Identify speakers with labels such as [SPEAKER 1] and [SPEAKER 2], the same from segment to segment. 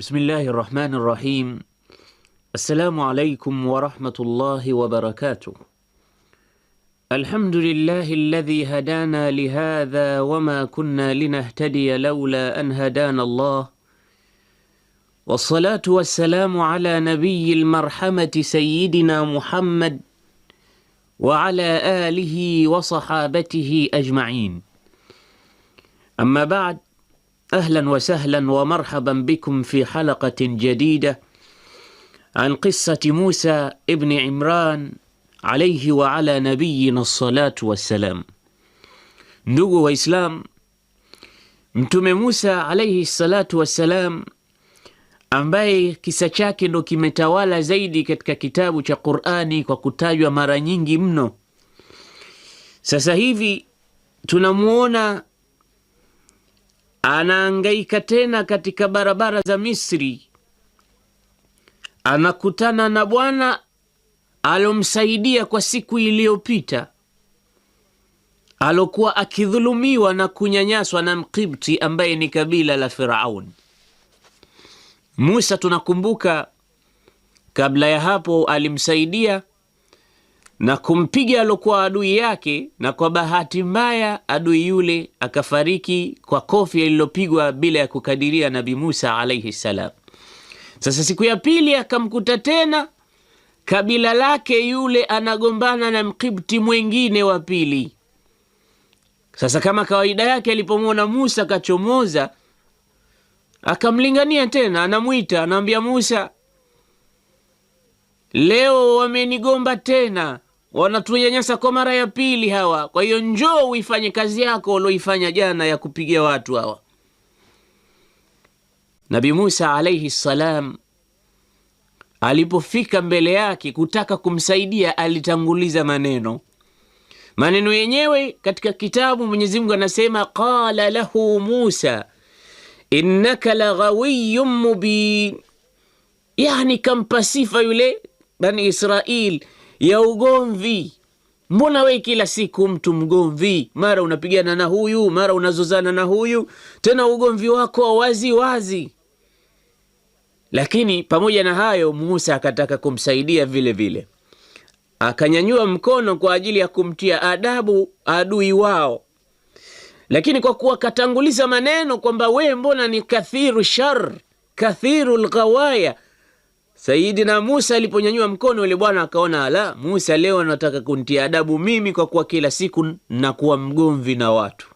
[SPEAKER 1] بسم الله الرحمن الرحيم السلام عليكم ورحمة الله وبركاته الحمد لله الذي هدانا لهذا وما كنا لنهتدي لولا أن هدانا الله والصلاة والسلام على نبي المرحمة سيدنا محمد وعلى آله وصحابته أجمعين أما بعد اهلا وسهلا ومرحبا بكم في حلقه جديده عن قصه موسى ابن عمران عليه وعلى نبينا الصلاه والسلام نجو واسلام متم موسى عليه الصلاه والسلام ambaye kisa chake ndo kimetawala zaidi katika kitabu cha qurani kwa kutajwa mara nyingi mno sasa hivi tunamwona Anaangaika tena katika barabara za Misri, anakutana na bwana alomsaidia kwa siku iliyopita, alokuwa akidhulumiwa na kunyanyaswa na Mkibti ambaye ni kabila la Firaun. Musa tunakumbuka, kabla ya hapo alimsaidia na kumpiga alokuwa adui yake, na kwa bahati mbaya adui yule akafariki kwa kofi alilopigwa bila ya kukadiria Nabi Musa alaihi salam. Sasa siku ya pili akamkuta tena kabila lake yule anagombana na Mkibti mwengine wa pili. Sasa kama kawaida yake, alipomwona Musa akachomoza akamlingania tena, anamwita anamwambia, Musa, leo wamenigomba tena, wanatunyanyasa kwa mara ya pili hawa. Kwa hiyo njoo uifanye kazi yako ulioifanya jana ya kupigia watu hawa. Nabi Musa alaihi salam alipofika mbele yake kutaka kumsaidia, alitanguliza maneno maneno yenyewe. Katika kitabu Mwenyezi Mungu anasema qala lahu Musa innaka laghawiyun mubin, yani kampa sifa yule Bani Israil ya ugomvi. Mbona we kila siku mtu mgomvi, mara unapigana na huyu, mara unazozana na huyu, tena ugomvi wako wazi wazi. Lakini pamoja na hayo, Musa akataka kumsaidia vile vile, akanyanyua mkono kwa ajili ya kumtia adabu adui wao, lakini kwa kuwa katanguliza maneno kwamba we, mbona ni kathiru shar, kathiru lghawaya Saidina Musa aliponyanyua mkono yule bwana akaona, ala, Musa leo anataka kuntia adabu mimi kwa kuwa kila siku na kuwa mgomvi na watu.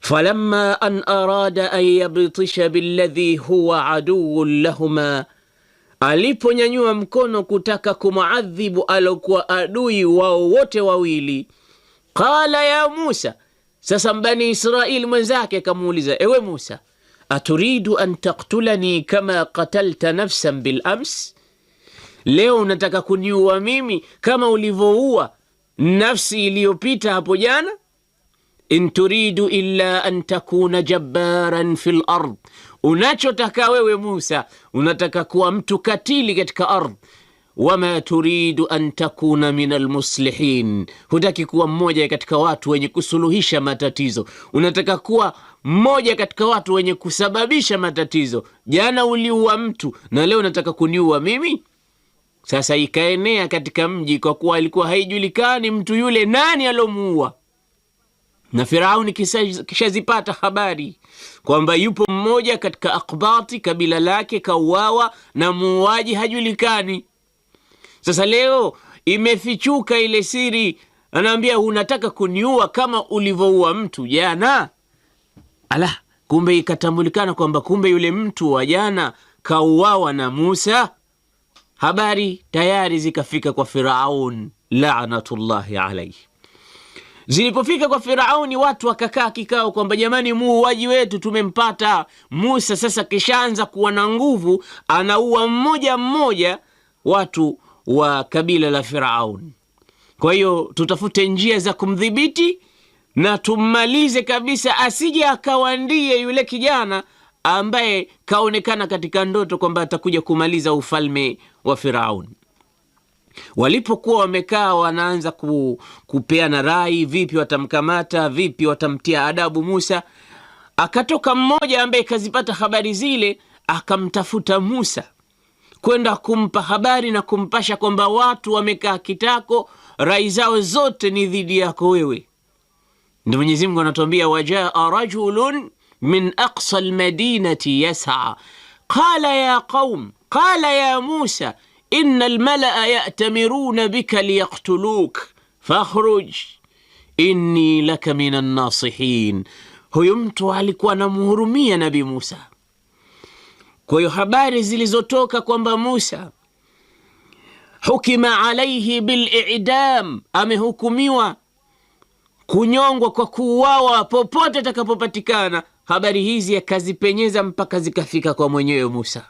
[SPEAKER 1] Falamma an arada an yabtisha billadhi huwa aduwun lahuma, aliponyanyua mkono kutaka kumuadhibu alokuwa adui wao wote wawili. Qala ya Musa, sasa mbani Israeli mwenzake akamuuliza, ewe Musa aturidu an taktulani kama katalta nafsan bilams ams, leo unataka kuniua mimi kama ulivyoua nafsi iliyopita hapo jana. in turidu illa an takuna jabbaran fil ard, unachotaka wewe Musa, unataka kuwa mtu katili katika ard wama turidu an takuna min almuslihin, hutaki kuwa mmoja katika watu wenye kusuluhisha matatizo, unataka kuwa mmoja katika watu wenye kusababisha matatizo. Jana uliua mtu na leo nataka kuniua mimi? Sasa ikaenea katika mji, kwa kuwa alikuwa haijulikani mtu yule nani alomuua. Na Firauni kishazipata habari kwamba yupo mmoja katika Akbati, kabila lake kauawa na muuaji hajulikani. Sasa leo imefichuka ile siri, anaambia unataka kuniua kama ulivyoua mtu jana. Ala, kumbe ikatambulikana kwamba kumbe yule mtu wa jana kauawa na Musa. Habari tayari zikafika kwa Firaun laanatullahi alaihi. Zilipofika kwa Firauni, watu wakakaa kikao kwamba jamani, muuaji wetu tumempata Musa. Sasa kishaanza kuwa na nguvu, anaua mmoja mmoja watu wa kabila la Firaun. Kwa hiyo tutafute njia za kumdhibiti na tummalize kabisa, asije akawa ndiye yule kijana ambaye kaonekana katika ndoto kwamba atakuja kumaliza ufalme wa Firaun. Walipokuwa wamekaa wanaanza ku, kupeana rai, vipi watamkamata, vipi watamtia adabu Musa. Akatoka mmoja ambaye kazipata habari zile, akamtafuta Musa kwenda kumpa habari na kumpasha kwamba watu wamekaa kitako, rai zao zote ni dhidi yako wewe ndio Mwenyezi Mungu anatuambia, wajaa rajulun min aqsa almadinati yas'a qala ya qaum qala ya Musa inna almalaa ya'tamiruna bika liyaktuluk fakhruj inni laka min annasihin. Huyu mtu alikuwa anamhurumia Nabi Musa. Kwa hiyo habari zilizotoka kwamba Musa hukima alaihi bilidam, amehukumiwa kunyongwa kwa kuuawa popote atakapopatikana. Habari hizi akazipenyeza mpaka zikafika kwa mwenyewe Musa.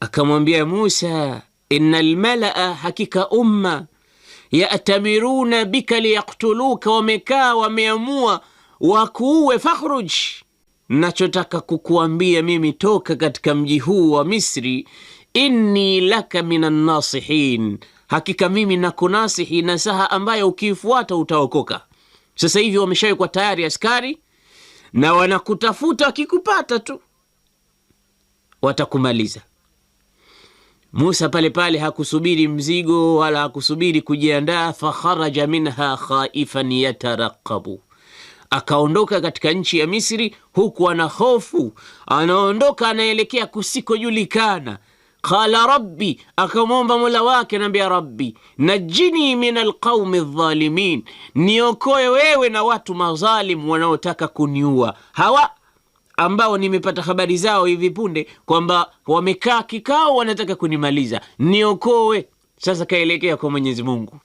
[SPEAKER 1] Akamwambia Musa, inna lmalaa, hakika umma yatamiruna bika liyaktuluka, wamekaa wameamua wakuue. Fakhruj, nachotaka kukuambia mimi, toka katika mji huu wa Misri. Inni laka min annasihin, hakika mimi nakunasihi nasaha ambayo ukiifuata utaokoka. Sasa hivi wameshawekwa tayari askari na wanakutafuta, wakikupata tu watakumaliza. Musa pale pale hakusubiri mzigo wala hakusubiri kujiandaa. Fakharaja minha khaifan yataraqabu, akaondoka katika nchi ya Misri huku ana hofu, anaondoka anaelekea kusikojulikana qala rabbi, akamwomba mola wake, naambia rabbi najini min alqaumi dhalimin, niokoe wewe na watu madhalim wanaotaka kuniua hawa ambao nimepata habari zao hivi punde kwamba wamekaa kikao wanataka kunimaliza, niokoe. Sasa kaelekea kwa Mwenyezi Mungu,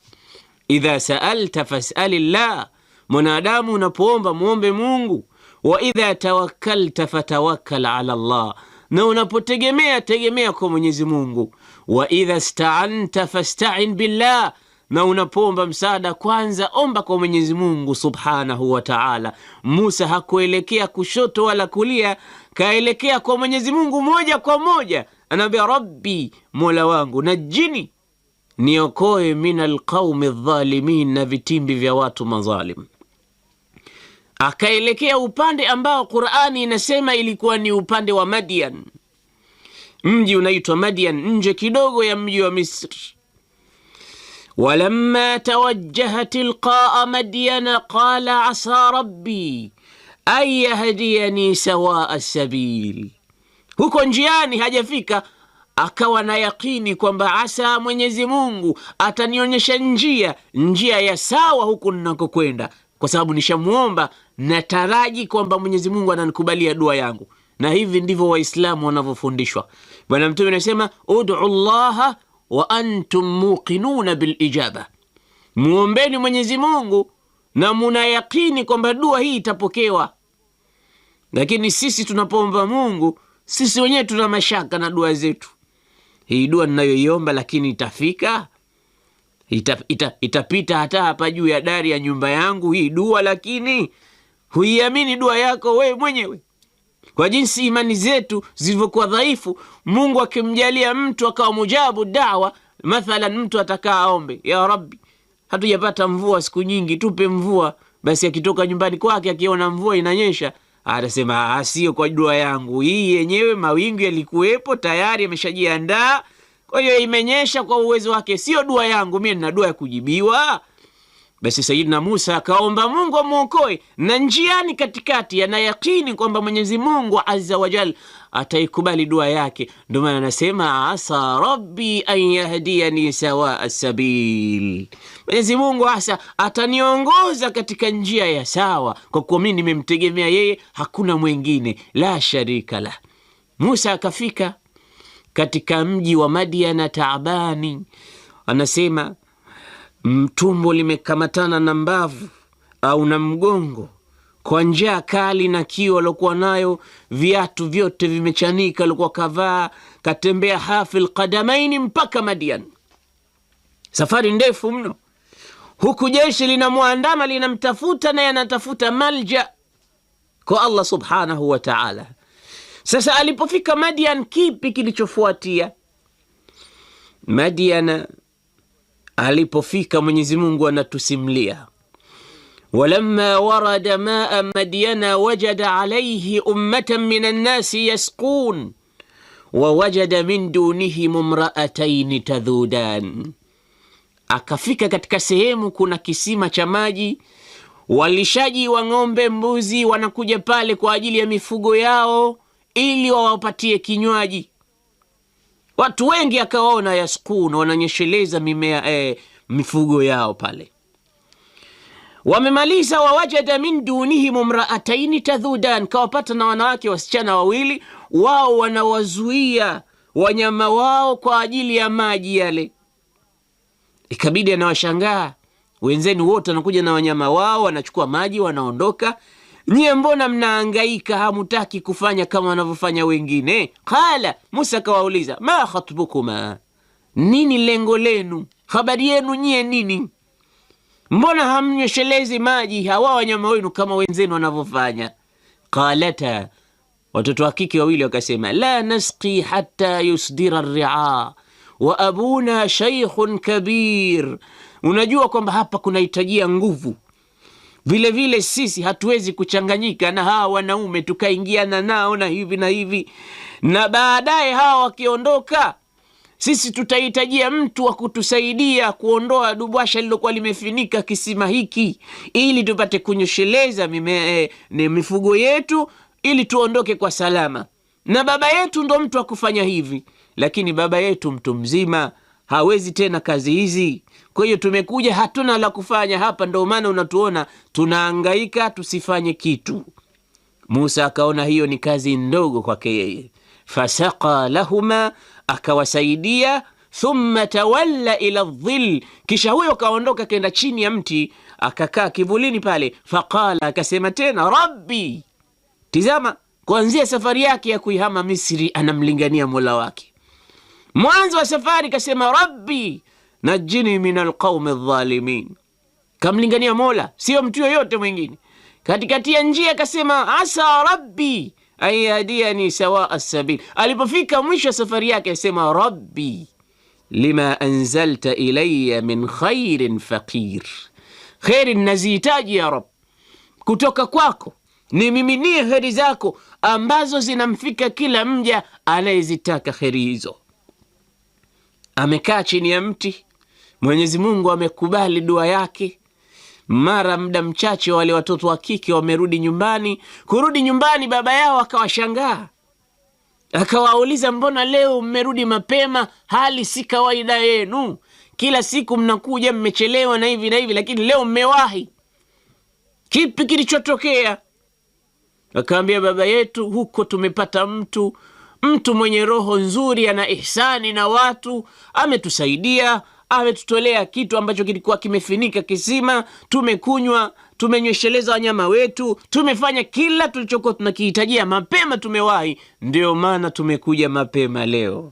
[SPEAKER 1] idha saalta fasalillah, mwanadamu unapoomba mwombe Mungu. Wa idha tawakkalta fatawakkal ala Allah, na unapotegemea tegemea kwa Mwenyezi Mungu. Wa idha staanta fastain billah, na unapoomba msaada kwanza omba kwa Mwenyezi Mungu subhanahu wa taala. Musa hakuelekea kushoto wala kulia, kaelekea kwa Mwenyezi Mungu moja kwa moja, anaambia rabbi, mola wangu na jini niokoe min alqaumi dhalimin, na vitimbi vya watu madhalim akaelekea upande ambao Qur'ani inasema ilikuwa ni upande wa Madian. Mji unaitwa Madian, nje kidogo ya mji wa Misri. walamma tawajjaha tilqaa madyana qala asa rabbi an yahdiyani sawaa sabil, huko njiani hajafika akawa na yakini kwamba asa Mwenyezi Mungu atanionyesha njia njia ya sawa huku ninakokwenda, kwa sababu nishamwomba nataraji kwamba Mwenyezi Mungu ananikubalia dua yangu. Na hivi ndivyo Waislamu wanavyofundishwa. Bwana Mtume anasema ud'u llaha wa antum muqinuna bilijaba, muombeni Mwenyezi Mungu na muna yaqini kwamba dua hii itapokewa. Lakini sisi tunapoomba Mungu, sisi wenyewe tuna mashaka na dua zetu. Hii dua ninayoiomba, lakini itafika? Ita, ita, itapita hata hapa juu ya dari ya nyumba yangu hii dua? Lakini huiamini dua yako wewe mwenyewe. Kwa jinsi imani zetu zilivyokuwa dhaifu, Mungu akimjalia mtu akawa mujabu dawa, mathalan mtu atakaa aombe, ya Rabbi, hatujapata mvua siku nyingi, tupe mvua. Basi akitoka nyumbani kwake akiona mvua inanyesha atasema ah, ah, sio kwa dua yangu hii yenyewe, mawingu yalikuwepo tayari, ameshajiandaa Kwa hiyo imenyesha kwa uwezo wake, sio dua yangu, mie nina dua ya kujibiwa. Basi Sayidina Musa akaomba Mungu amwokoe, na njiani katikati anayakini kwamba Mwenyezi Mungu aza wajal ataikubali dua yake. Ndio maana anasema asa rabbi an yahdiani sawaa sabil, Mwenyezi Mungu hasa ataniongoza katika njia ya sawa, kwa kuwa mi nimemtegemea yeye, hakuna mwingine, la sharika lah. Musa akafika katika mji wa Madiana taabani, anasema Mtumbo limekamatana na mbavu au na mgongo kwa njaa kali na kiu aliokuwa nayo, viatu vyote vimechanika, alikuwa kavaa, katembea hafil qadamaini mpaka Madian. Safari ndefu mno, huku jeshi linamwandama linamtafuta, naye anatafuta malja kwa Allah subhanahu wa taala. Sasa alipofika Madian, kipi kilichofuatia Madiana? alipofika Mwenyezi Mungu anatusimlia walamma warada maa madyana wajada alayhi ummatan min annasi yasqun wawajada min dunihim imra'atayn tadhudan, akafika katika sehemu kuna kisima cha maji, walishaji wa ng'ombe, mbuzi wanakuja pale kwa ajili ya mifugo yao ili wawapatie kinywaji Watu wengi akawaona yaskuna, wananyesheleza mimea eh, mifugo yao pale. Wamemaliza, wawajada min dunihim mraataini tadhudan, kawapata na wanawake wasichana wawili, wao wanawazuia wanyama wao kwa ajili ya maji yale. Ikabidi anawashangaa wenzenu wote, wanakuja na wanyama wao, wanachukua maji, wanaondoka. Nyie mbona mnaangaika, hamutaki kufanya kama wanavyofanya wengine? Qala Musa akawauliza ma khatbukuma, nini lengo lenu? Habari yenu nyie nini? Mbona hamnyeshelezi maji hawa wanyama wenu kama wenzenu wanavyofanya? Qalata, watoto wa kike wawili wakasema, la nasqi hatta yusdira ria wa abuna shaykhun kabir. Unajua kwamba hapa kunahitajia nguvu Vilevile vile sisi hatuwezi kuchanganyika na hawa wanaume tukaingiana nao na hivi na hivi, na baadaye hawa wakiondoka, sisi tutahitajia mtu wa kutusaidia kuondoa dubwasha lilokuwa limefinika kisima hiki, ili tupate kunyosheleza eh, mifugo yetu ili tuondoke kwa salama. Na baba yetu ndo mtu wa kufanya hivi, lakini baba yetu mtu mzima hawezi tena kazi hizi. Kwa hiyo tumekuja, hatuna la kufanya hapa, ndo maana unatuona tunaangaika tusifanye kitu. Musa akaona hiyo ni kazi ndogo kwake yeye, fasaa lahuma, akawasaidia thumma tawalla ila dhil kisha huyo kaondoka kenda chini ya mti akakaa kivulini pale. Faqala, akasema tena rabbi. Tizama, kuanzia safari yake ya kuihama Misri anamlingania mola wake. Mwanzo wa safari kasema rabbi najini min alqaumi dhalimin. Kamlingania Mola, sio mtu yoyote mwingine. Katikati ya njia akasema asa rabbi ayadiani sawa sawaa sabil. Alipofika mwisho wa safari yake asema rabbi lima anzalta ilaya min khairin faqir, kheri nazihitaji ya Rab, kutoka kwako nimiminie heri zako ambazo zinamfika kila mja anayezitaka heri hizo. Amekaa chini ya mti Mwenyezi Mungu amekubali dua yake. Mara muda mchache, wale watoto wa kike wamerudi nyumbani. Kurudi nyumbani, baba yao akawashangaa, akawauliza mbona leo mmerudi mapema, hali si kawaida yenu, kila siku mnakuja mmechelewa na hivi na hivi, lakini leo mmewahi. Kipi kilichotokea? Akaambia, baba yetu, huko tumepata mtu mtu mwenye roho nzuri, ana ihsani na watu, ametusaidia ametutolea kitu ambacho kilikuwa kimefinika kisima, tumekunywa tumenywesheleza wanyama wetu, tumefanya kila tulichokuwa tunakihitajia, mapema tumewahi. Ndio maana tumekuja mapema leo.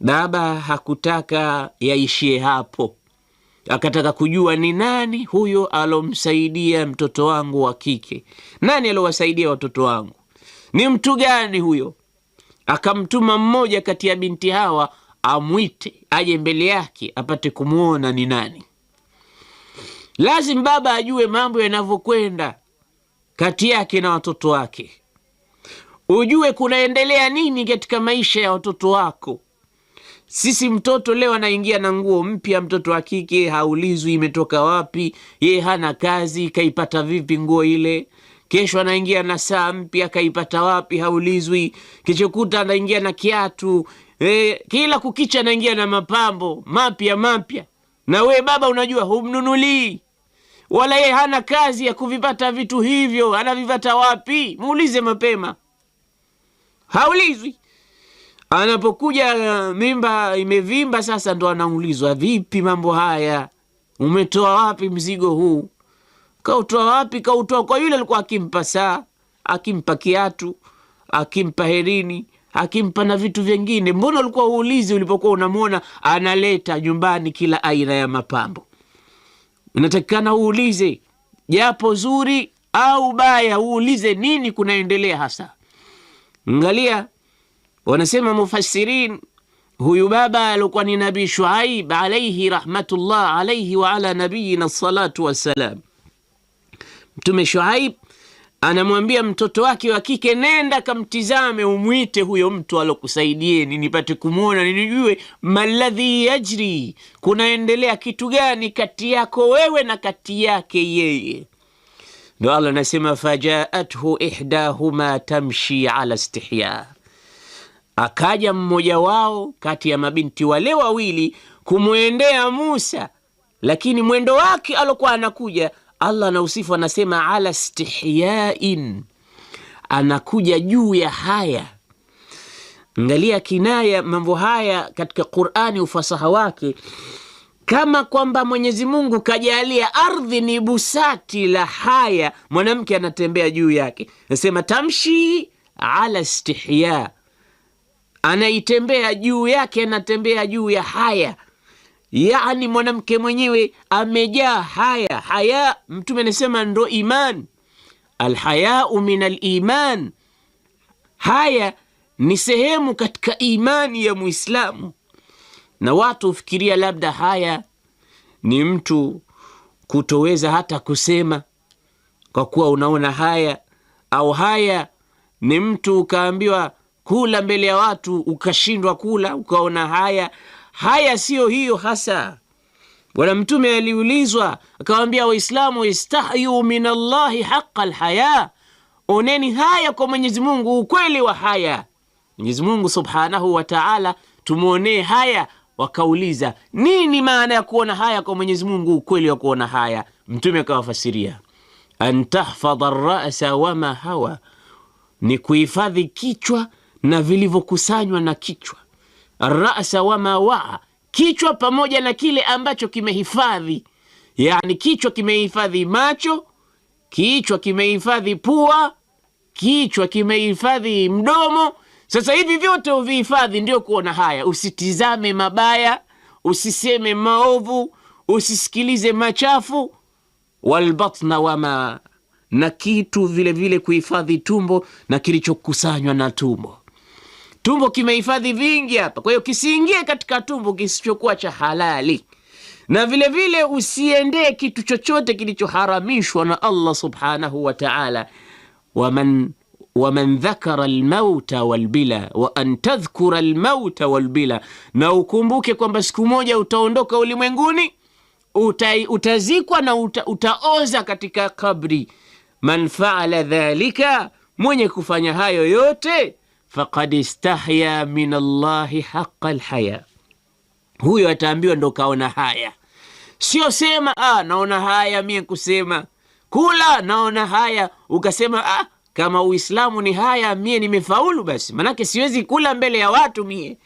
[SPEAKER 1] Baba hakutaka yaishie hapo, akataka kujua ni nani huyo alomsaidia mtoto wangu wa kike, nani alowasaidia watoto wangu, ni mtu gani huyo? Akamtuma mmoja kati ya binti hawa amwite aje mbele yake apate kumwona ni nani. Lazima baba ajue mambo yanavyokwenda kati yake na watoto wake, ujue kunaendelea nini katika maisha ya watoto wako. Sisi mtoto leo anaingia na nguo mpya, mtoto wa kike haulizwi imetoka wapi, yeye hana kazi, kaipata vipi nguo ile. Kesho anaingia na saa mpya, kaipata wapi, haulizwi. Kichokuta anaingia na kiatu e, kila kukicha anaingia na mapambo mapya mapya, na we baba unajua humnunulii wala yeye hana kazi ya kuvipata vitu hivyo. Anavipata wapi? Muulize mapema, haulizwi. Anapokuja uh, mimba imevimba, sasa ndo anaulizwa, vipi mambo haya, umetoa wapi mzigo huu? Kautoa wapi? Kautoa kwa yule alikuwa akimpa saa, akimpa kiatu, akimpa herini, akimpa na vitu vyengine. Mbona ulikuwa uulizi ulipokuwa unamwona analeta nyumbani kila aina ya mapambo? Inatakikana uulize japo zuri au baya, uulize nini kunaendelea hasa. Angalia, wanasema mufasirin huyu baba alikuwa ni Nabii Shuaib alaihi rahmatullah alaihi wa ala nabiyina salatu wassalam. Mtume Shuaib anamwambia mtoto wake wa kike, nenda kamtizame, umwite huyo mtu alokusaidieni, nipate kumwona, ninijue maladhi yajri, kunaendelea kitu gani kati yako wewe na kati yake yeye. Ndo Allah anasema fajaathu ihdahuma tamshi ala stihya akaja mmoja wao kati ya mabinti wale wawili kumwendea Musa, lakini mwendo wake alokuwa anakuja Allah anausifu anasema, ala stihyain, anakuja juu ya haya. ngalia kinaya mambo haya katika Qur'ani, ufasaha wake, kama kwamba Mwenyezi Mungu kajalia ardhi ni busati la haya, mwanamke anatembea juu yake. Anasema tamshi ala stihya, anaitembea juu yake, anatembea juu ya haya yani mwanamke mwenyewe amejaa haya. Haya mtume anasema ndo iman, alhayau min aliman. Haya ni sehemu katika imani ya Muislamu, na watu hufikiria labda haya ni mtu kutoweza hata kusema kwa kuwa unaona haya, au haya ni mtu ukaambiwa kula mbele ya watu ukashindwa kula, ukaona haya haya siyo hiyo hasa. Bwana Mtume aliulizwa akawaambia Waislamu, istahyu min Allahi haqa lhaya, oneni haya kwa Mwenyezi Mungu ukweli wa haya. Mwenyezi Mungu subhanahu wa taala tumwonee haya. Wakauliza, nini maana ya kuona haya kwa Mwenyezi Mungu, ukweli wa kuona haya? Mtume akawafasiria, an tahfadha rasa wama hawa, ni kuhifadhi kichwa na vilivyokusanywa na kichwa rasa wa mawaa, kichwa pamoja na kile ambacho kimehifadhi. Yani kichwa kimehifadhi macho, kichwa kimehifadhi pua, kichwa kimehifadhi mdomo. Sasa hivi vyote uvihifadhi, ndio kuona haya. Usitizame mabaya, usiseme maovu, usisikilize machafu. Walbatna wama, na kitu vilevile kuhifadhi tumbo na kilichokusanywa na tumbo Tumbo kimehifadhi vingi hapa, kwa hiyo kisiingie katika tumbo kisichokuwa cha halali, na vilevile vile usiendee kitu chochote kilichoharamishwa na Allah subhanahu wa ta'ala. waman waman dhakara lmauta walbila wa an tadhkura lmauta walbila, na ukumbuke kwamba siku moja utaondoka ulimwenguni, uta, utazikwa na uta, utaoza katika kabri. man faala dhalika, mwenye kufanya hayo yote faqad istahya min Allahi haqa lhaya, huyo ataambiwa ndo kaona haya. Sio sema ah, naona haya mie kusema kula naona haya, ukasema ah, kama Uislamu ni haya mie nimefaulu basi, manake siwezi kula mbele ya watu mie,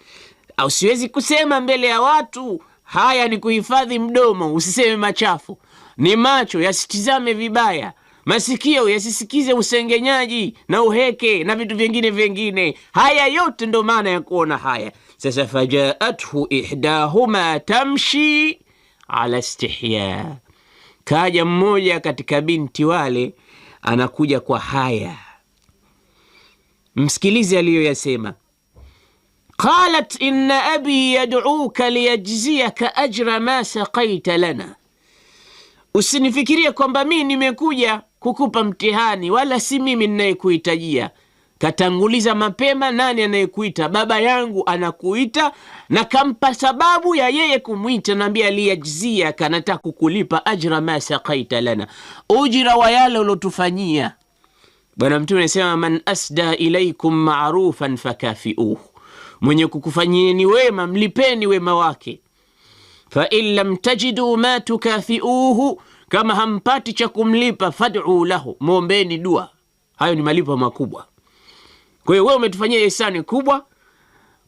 [SPEAKER 1] au siwezi kusema mbele ya watu. Haya ni kuhifadhi mdomo, usiseme machafu, ni macho yasitizame vibaya masikio yasisikize usengenyaji na uheke na vitu vingine vingine. Haya yote ndo maana ya kuona haya. Sasa fajaathu ihdahuma tamshi ala stihya, kaja mmoja katika binti wale anakuja kwa haya. Msikilize aliyoyasema. Qalat inna abi yad'uka liyajziyaka ajra ma saqaita lana. Usinifikirie kwamba mi nimekuja kukupa mtihani, wala si mimi ninayekuhitajia. Katanguliza mapema nani anayekuita. Baba yangu anakuita na kampa sababu ya yeye kumwita, naambia liyajzia, kanataka kukulipa ajra ma sakaita lana, ujira wa yale ulotufanyia. Bwana Mtume anasema man asda ilaikum marufan fakafiuhu, mwenye kukufanyieni wema mlipeni wema wake. fain lam tajiduu ma tukafiuhu kama hampati cha kumlipa, fad'u lahu, muombeeni dua. Hayo ni malipo makubwa. Kwa hiyo wewe umetufanyia ihsani kubwa,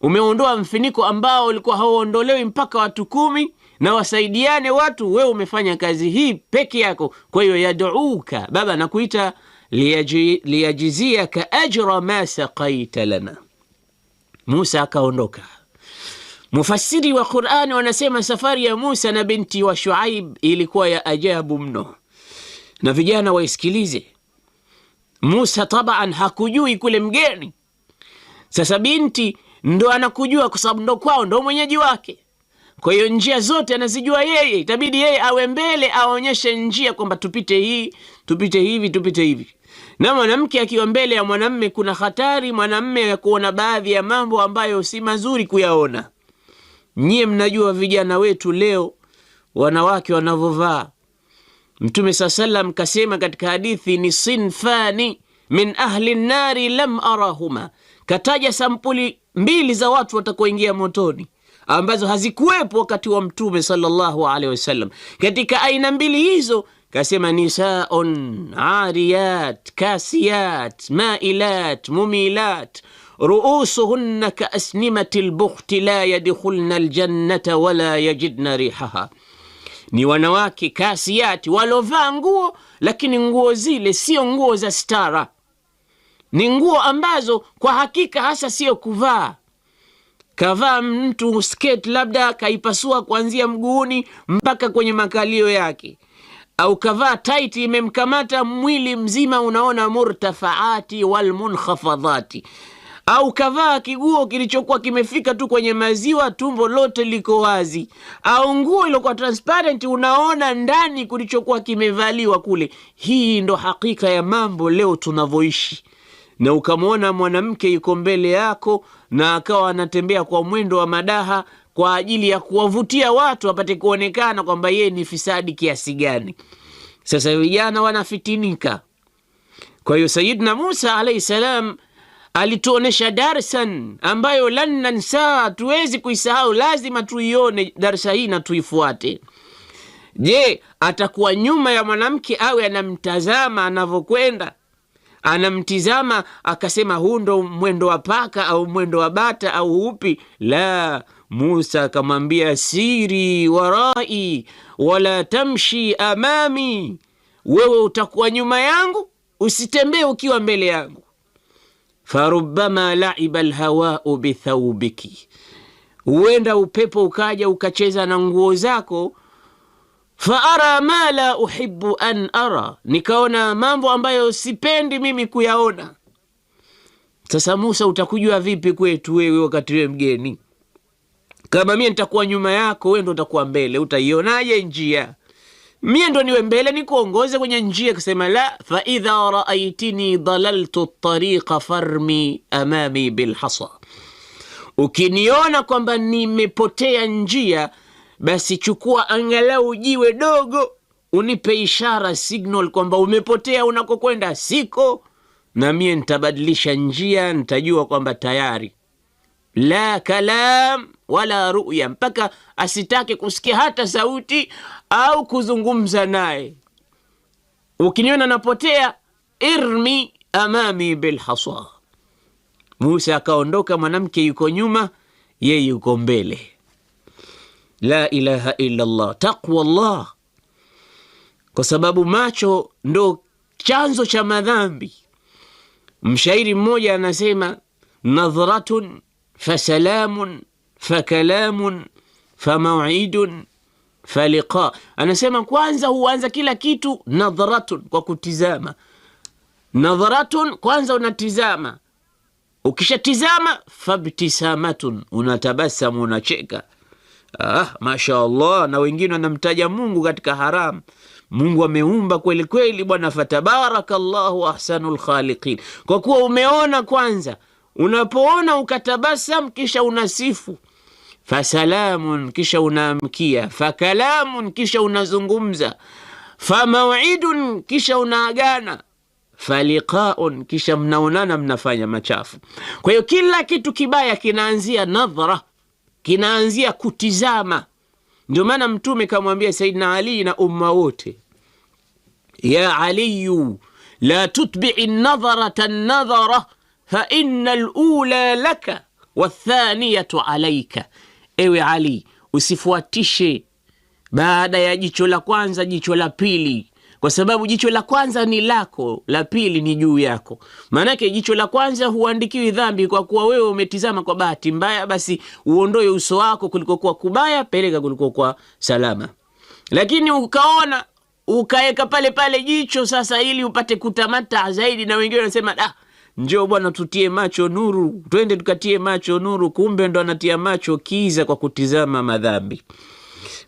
[SPEAKER 1] umeondoa mfiniko ambao ulikuwa hauondolewi mpaka watu kumi na wasaidiane watu. Wewe umefanya kazi hii peke yako. Kwa hiyo yaduuka, Baba nakuita liyajiziaka ajra ma saqaita lana. Musa akaondoka. Mufasiri wa Qur'ani wanasema safari ya Musa na binti wa Shuaib ilikuwa ya ajabu mno, na vijana waisikilize. Musa tabaan hakujui kule mgeni. Sasa binti ndo anakujua kwa sababu ndo kwao, ndo mwenyeji wake. Kwa hiyo njia zote anazijua yeye, itabidi yeye awe mbele, aonyeshe njia kwamba tupite hii, tupite hivi, tupite hivi. Na mwanamke akiwa mbele ya mwanamme, kuna hatari mwanamme ya kuona baadhi ya mambo ambayo si mazuri kuyaona. Nyie mnajua vijana wetu leo wanawake wanavyovaa. Mtume saa salam kasema katika hadithi, ni sinfani min ahli nnari lam arahuma, kataja sampuli mbili za watu watakoingia motoni ambazo hazikuwepo wakati wa Mtume salllahu ale wasallam. Katika aina mbili hizo kasema nisaun ariyat kasiyat mailat mumilat ruusuhunna kaasnimati lbukhti la yadkhulna ljannata wala yajidna rihaha, ni wanawake kasiati walovaa nguo, lakini nguo zile sio nguo za stara, ni nguo ambazo kwa hakika hasa sio kuvaa. Kavaa mtu sketi labda kaipasua kuanzia mguuni mpaka kwenye makalio yake au kavaa taiti imemkamata mwili mzima, unaona murtafaati walmunkhafadhati au kavaa kiguo kilichokuwa kimefika tu kwenye maziwa, tumbo lote liko wazi, au nguo iliyokuwa transparent, unaona ndani kulichokuwa kimevaliwa kule. Hii ndo hakika ya mambo leo tunavyoishi. Na ukamwona mwanamke yuko mbele yako na akawa anatembea kwa mwendo wa madaha kwa ajili ya kuwavutia watu apate kuonekana kwamba yeye ni fisadi kiasi gani. Sasa vijana wanafitinika. Kwa hiyo Sayidna Musa alaihi salam alituonesha darsan ambayo lan nansaa, tuwezi kuisahau, lazima tuione darsa hii na tuifuate. Je, atakuwa nyuma ya mwanamke awe anamtazama anavyokwenda, anamtizama akasema huu ndo mwendo wa paka au mwendo wa bata au upi? La, Musa akamwambia siri warai wala tamshi amami, wewe utakuwa nyuma yangu, usitembee ukiwa mbele yangu farubama laiba lhawau bithaubiki, huenda upepo ukaja ukacheza na nguo zako. Faara ma la uhibu an ara, nikaona mambo ambayo sipendi mimi kuyaona. Sasa Musa, utakujua vipi kwetu wewe wakati wewe mgeni? Kama mie nitakuwa nyuma yako, wewe ndo utakuwa mbele, utaionaje njia? mie ndo niwe mbele nikuongoze kwenye njia, kusema la faidha raaitini dalaltu tariqa farmi amami bilhasa, ukiniona kwamba nimepotea njia, basi chukua angalau jiwe dogo unipe ishara signal kwamba umepotea unakokwenda siko, na mie ntabadilisha njia, nitajua kwamba tayari la kalam wala ruya, mpaka asitake kusikia hata sauti au kuzungumza naye. Ukiniona napotea, irmi amami bilhasa. Musa akaondoka, mwanamke yuko nyuma, yeye yuko mbele. La ilaha illa Allah, taqwa kwa sababu macho ndo chanzo cha madhambi. Mshairi mmoja anasema nadhratun fasalamun fakalamun famawidun faliqa. Anasema kwanza huanza kila kitu nadharatun, kwa kutizama. Nadharatun, kwanza unatizama. Ukishatizama fabtisamatun, unatabasamu, unacheka. Ah, masha Allah. Na wengine wanamtaja Mungu katika haramu. Mungu ameumba kweli kweli bwana, fatabarakallahu ahsanul khaliqin. Kwa kuwa umeona kwanza Unapoona ukatabasam kisha unasifu, fasalamun kisha unaamkia, fakalamun kisha unazungumza, famauidun kisha unaagana, faliqaun kisha mnaonana, mnafanya machafu. Kwa hiyo kila kitu kibaya kinaanzia nadhara, kinaanzia kutizama. Ndio maana Mtume kamwambia saidna Ali na umma wote, ya Aliyu la tutbii nadharata nadhara fa inna lula laka wathaniyatu alaika, ewe Ali, usifuatishe baada ya jicho la kwanza jicho la pili, kwa sababu jicho la kwanza ni lako, la pili ni juu yako. Maanake jicho la kwanza huandikiwi dhambi, kwa kuwa wewe umetizama kwa bahati mbaya, basi uondoe uso wako kulikokuwa kubaya, peleka kulikokuwa salama. Lakini ukaona ukaweka pale pale jicho sasa, ili upate kutamata zaidi, na wengine wanasema ah njoo bwana, tutie macho nuru, twende tukatie macho nuru. Kumbe ndo anatia macho kiza kwa kutizama madhambi.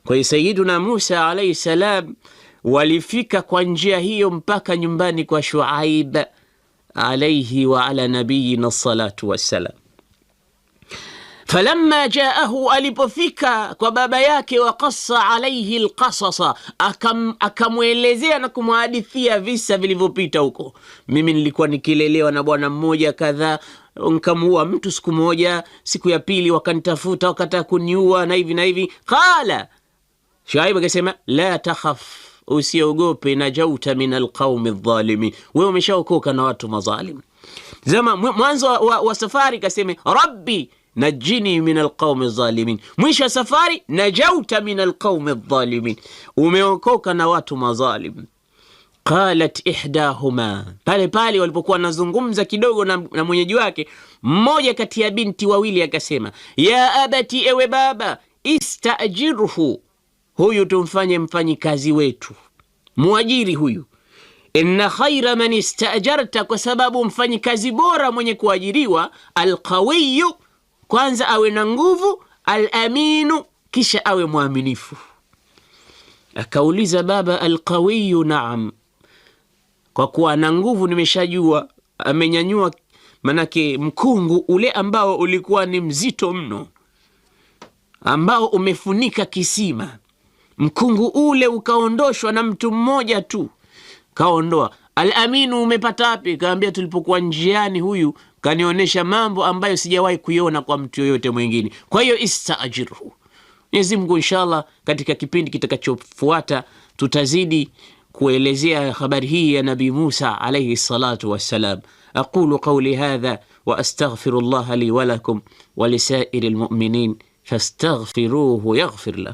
[SPEAKER 1] Kwa hiyo Sayiduna Musa alaihi salam walifika kwa njia hiyo mpaka nyumbani kwa Shuaib alaihi wa nabiyina salatu wassalam falamma jaahu, alipofika kwa baba yake, wakasa alaihi lkasasa akamwelezea na kumhadithia visa vilivyopita huko. Mimi nilikuwa nikilelewa na bwana mmoja kadhaa nkamuua mtu siku moja, siku ya pili wakanitafuta, wakata kuniua na hivi na hivi. Qala shaib akasema la takhaf, usiogope, najauta min alqaumi ldhalimi, wewe umeshaokoka na watu mazalim Zama mwanzo wa, wa, wa safari kaseme rabbi najini min alqaumi dhalimin, mwisho wa safari najauta min alqaumi dhalimin, umeokoka na watu madhalim. Qalat ihdahuma, pale pale walipokuwa wanazungumza kidogo na, na mwenyeji wake, mmoja kati ya binti wawili akasema, ya abati, ewe baba, istajirhu, huyu tumfanye mfanyikazi wetu, muajiri huyu inna khaira man istajarta, kwa sababu mfanyikazi bora mwenye kuajiriwa alqawiyu kwanza awe na nguvu, alaminu, kisha awe mwaminifu. Akauliza baba, alqawiyu? Naam, kwa kuwa na nguvu nimeshajua. Amenyanyua manake mkungu ule ambao ulikuwa ni mzito mno, ambao umefunika kisima. Mkungu ule ukaondoshwa na mtu mmoja tu, kaondoa. Alaminu umepata wapi? Kaambia tulipokuwa njiani, huyu kanionyesha mambo ambayo sijawahi kuiona kwa mtu yoyote mwingine. Kwa hiyo istajirhu Mwenyezi Mungu inshallah, katika kipindi kitakachofuata tutazidi kuelezea habari hii ya Nabii Musa alaihi salatu wassalam. Aqulu qauli hadha wa llaha li walakum walisairi lmuminin fastaghfiruhu yaghfir lakum.